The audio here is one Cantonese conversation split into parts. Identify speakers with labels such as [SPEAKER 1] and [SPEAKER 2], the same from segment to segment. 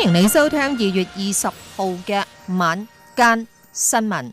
[SPEAKER 1] 歡迎你收聽二月二十號嘅晚間新聞，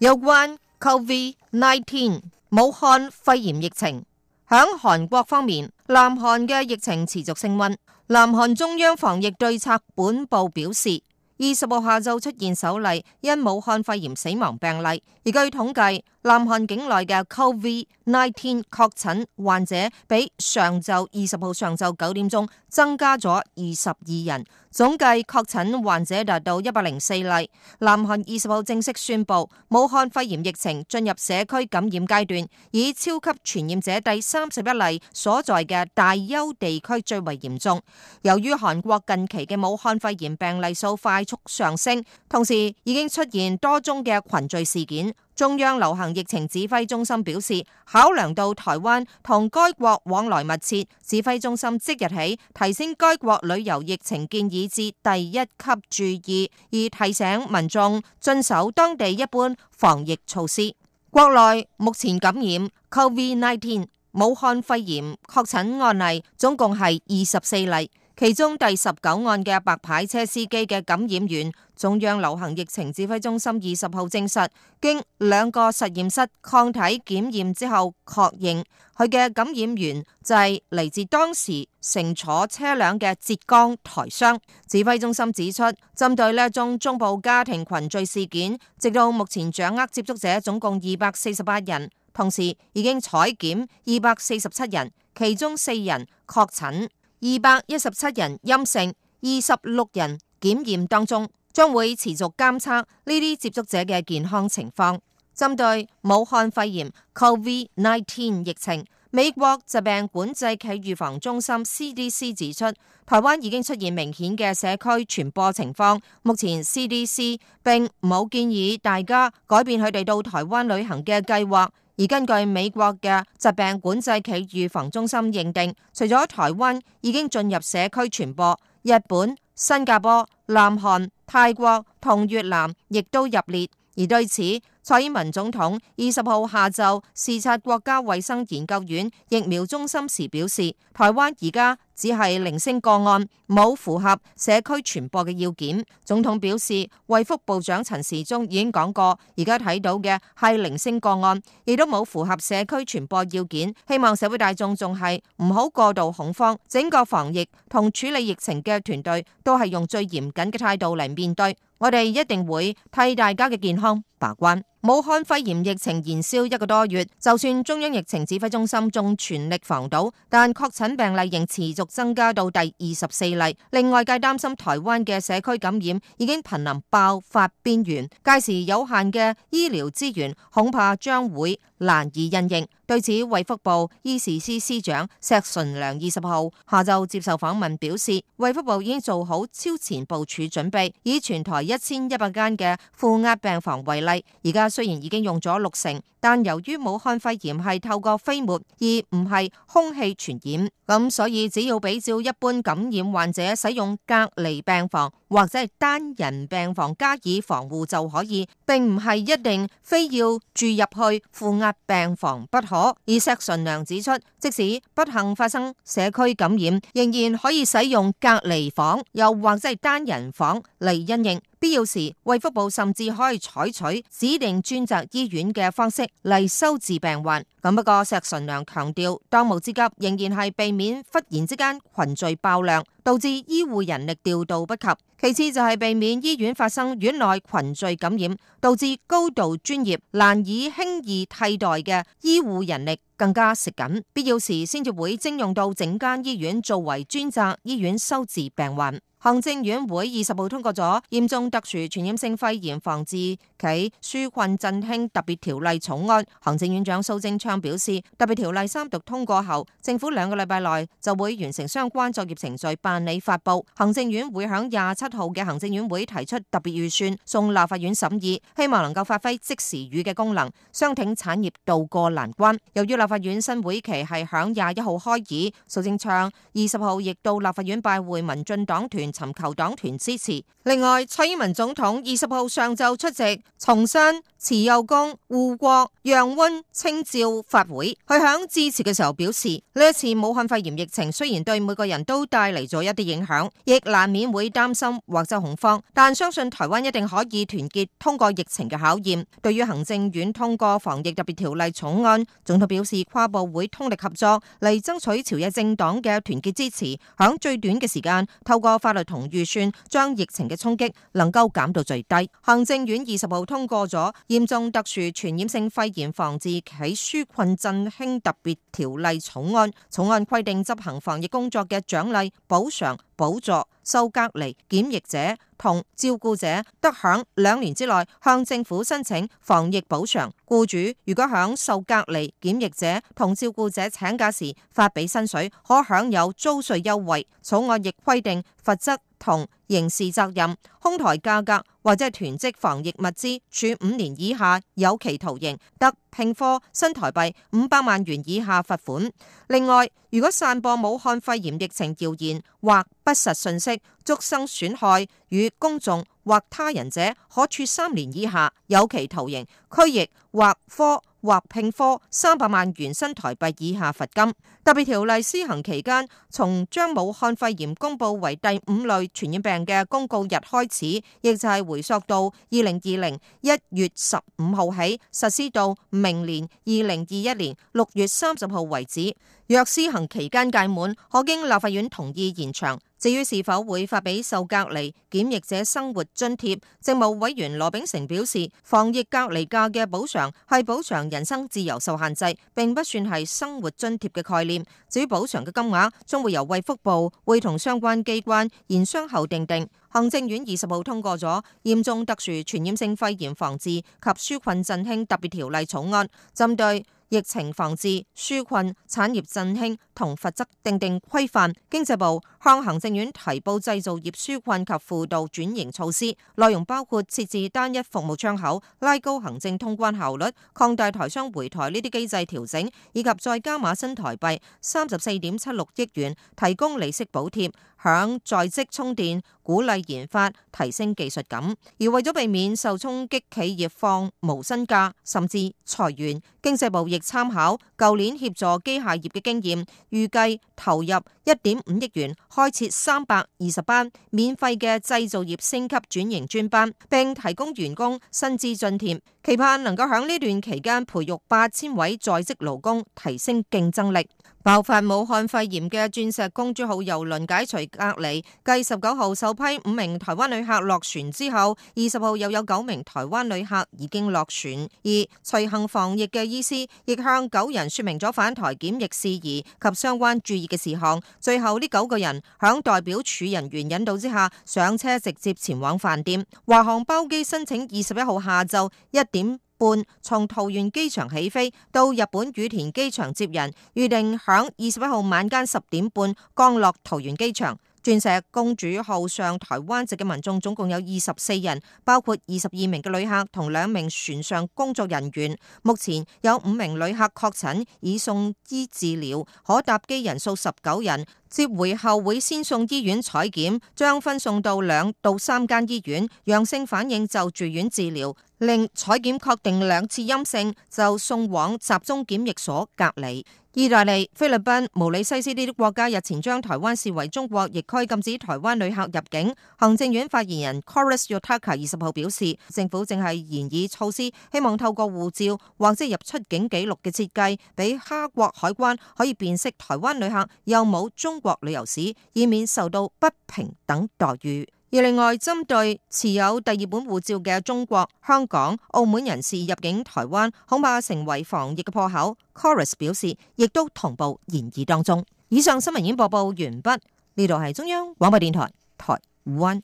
[SPEAKER 1] 有關 COVID-19 武漢肺炎疫情。響韓國方面，南韓嘅疫情持續升温。南韓中央防疫對策本部表示，二十號下晝出現首例因武漢肺炎死亡病例，而據統計，南韓境內嘅 COVID-19 確診患者比上晝二十號上晝九點鐘增加咗二十二人，總計確診患者達到一百零四例。南韓二十號正式宣布，武漢肺炎疫情進入社區感染階段，以超級傳染者第三十一例所在嘅大邱地區最為嚴重。由於韓國近期嘅武漢肺炎病例數快速上升，同時已經出現多宗嘅群聚事件。中央流行疫情指揮中心表示，考量到台灣同該國往來密切，指揮中心即日起提升該國旅遊疫情建議至第一級注意，而提醒民眾遵守當地一般防疫措施。國內目前感染 COVID-19 武漢肺炎確診案例總共係二十四例。其中第十九案嘅白牌車司機嘅感染源，中央流行疫情指揮中心二十號證實，經兩個實驗室抗體檢驗之後，確認佢嘅感染源就係嚟自當時乘坐車輛嘅浙江台商。指揮中心指出，針對呢一宗中部家庭群聚事件，直到目前掌握接觸者總共二百四十八人，同時已經採檢二百四十七人，其中四人確診。二百一十七人陰性，二十六人檢驗當中，將會持續監測呢啲接觸者嘅健康情況。針對武漢肺炎 （COVID-19） 疫情，美國疾病管制暨預防中心 （CDC） 指出，台灣已經出現明顯嘅社區傳播情況。目前 CDC 並冇建議大家改變佢哋到台灣旅行嘅計劃。而根據美國嘅疾病管制暨預防中心認定，除咗台灣已經進入社區傳播，日本、新加坡、南韓、泰國同越南亦都入列。而對此，蔡英文總統二十號下晝視察國家衛生研究院疫苗中心時表示，台灣而家只係零星個案，冇符合社區傳播嘅要件。總統表示，衛福部長陳時中已經講過，而家睇到嘅係零星個案，亦都冇符合社區傳播要件。希望社會大眾仲係唔好過度恐慌，整個防疫同處理疫情嘅團隊都係用最嚴謹嘅態度嚟面對，我哋一定會替大家嘅健康把關。武漢肺炎疫情延燒一個多月，就算中央疫情指揮中心仲全力防堵，但確診病例仍持續增加到第二十四例，令外界擔心台灣嘅社區感染已經瀕臨爆發邊緣，屆時有限嘅醫療資源恐怕將會難以因應。對此，衛福部醫事司司長石純良二十號下晝接受訪問表示，衛福部已經做好超前部署準備，以全台一千一百間嘅負壓病房為例，而家，雖然已經用咗六成，但由於武漢肺炎係透過飛沫而唔係空氣傳染，咁所以只要比照一般感染患者使用隔離病房或者係單人病房加以防護就可以，並唔係一定非要住入去負壓病房不可。而石純良指出，即使不幸發生社區感染，仍然可以使用隔離房又或者係單人房嚟因應。必要時，衛福部甚至可以採取指定專責醫院嘅方式嚟收治病患。咁不過石純良強調，當務之急仍然係避免忽然之間群聚爆量，導致醫護人力調度不及；其次就係避免醫院發生院內群聚感染，導致高度專業難以輕易替代嘅醫護人力更加食緊。必要時先至會徵用到整間醫院作為專責醫院收治病患。行政院會二十號通過咗嚴重特殊傳染性肺炎防治暨紓困振興特別條例草案。行政院長蘇貞昌表示，特別條例三讀通過後，政府兩個禮拜內就會完成相關作業程序，辦理發布。行政院會響廿七號嘅行政院會提出特別預算，送立法院審議，希望能夠發揮即時雨嘅功能，相挺產業渡過難關。由於立法院新會期係響廿一號開議，蘇貞昌二十號亦到立法院拜會民進黨團。尋求黨團支持。另外，蔡英文總統二十號上晝出席重申持幼工護國、讓溫、清照法會。佢響致辭嘅時候表示，呢一次武漢肺炎疫情雖然對每個人都帶嚟咗一啲影響，亦難免會擔心或者恐慌，但相信台灣一定可以團結通過疫情嘅考驗。對於行政院通過防疫特別條例草案，總統表示跨部會通力合作嚟爭取朝野政黨嘅團結支持，響最短嘅時間透過法律同預算將疫情嘅衝擊能夠減到最低。行政院二十號通過咗嚴重特殊傳染性肺炎防治及紓困振興特別條例草案，草案規定執行防疫工作嘅獎勵補償。補助受隔離檢疫者同照顧者得喺兩年之內向政府申請防疫補償。雇主如果喺受隔離檢疫者同照顧者請假時發俾薪水，可享有租稅優惠。草案亦規定罰則。罰則同刑事責任，哄抬價格或者係囤積防疫物資，處五年以下有期徒刑，得併科新台幣五百萬元以下罰款。另外，如果散播武漢肺炎疫情謠言或不實信息，足生損害與公眾或他人者，可處三年以下有期徒刑，拘役或科或併科三百萬元新台幣以下罰金。特別條例施行期間，從將武漢肺炎公布為第五類傳染病嘅公告日開始，亦就係回溯到二零二零一月十五號起實施到明年二零二一年六月三十號為止。若施行期間屆滿，可經立法院同意延長。至於是否會發俾受隔離檢疫者生活津貼，政務委員羅秉成表示，防疫隔離假嘅補償係補償人生自由受限制，並不算係生活津貼嘅概念。至於補償嘅金額，將會由衛福部會同相關機關研商後訂定。行政院二十號通過咗《嚴重特殊傳染性肺炎防治及紓困振興特別條例草案》，針對疫情防治、紓困、產業振興同罰則訂定規範。經濟部。向行政院提報製造業紓困及輔導轉型措施，內容包括設置單一服務窗口、拉高行政通關效率、擴大台商回台呢啲機制調整，以及再加碼新台幣三十四點七六億元提供利息補貼，響在職充電、鼓勵研發、提升技術感。而為咗避免受衝擊企業放無薪假甚至裁員，經濟部亦參考舊年協助機械業嘅經驗，預計投入一點五億元。開設三百二十班免費嘅製造業升級轉型專班，並提供員工薪資津貼，期盼能夠響呢段期間培育八千位在職勞工，提升競爭力。爆發武漢肺炎嘅鑽石公主號郵輪解除隔離，繼十九號首批五名台灣旅客落船之後，二十號又有九名台灣旅客已經落船。而隨行防疫嘅醫師亦向九人說明咗返台檢疫事宜及相關注意嘅事項。最後呢九個人響代表處人員引導之下上車，直接前往飯店。華航包機申請二十一號下晝一點半從桃園機場起飛到日本羽田機場接人，預定響二十一號晚間十點半降落桃園機場。鑽石公主號上台灣籍嘅民眾總共有二十四人，包括二十二名嘅旅客同兩名船上工作人員，目前有五名旅客確診已送醫治療，可搭機人數十九人，接回後會先送醫院採檢，將分送到兩到三間醫院，陽性反應就住院治療。另採檢確定兩次陰性，就送往集中檢疫所隔離。意大利、菲律賓、毛里西斯呢啲國家日前將台灣視為中國疫區，禁止台灣旅客入境。行政院發言人 Kolas Yotaka 二十號表示，政府正係研擬措施，希望透過護照或者入出境記錄嘅設計，俾哈國海關可以辨識台灣旅客又有冇中國旅遊史，以免受到不平等待遇。而另外，針對持有第二本護照嘅中國、香港、澳門人士入境台灣，恐怕成為防疫嘅破口，Chorus 表示，亦都同步研議當中。以上新聞演播報完畢，呢度係中央廣播電台台灣。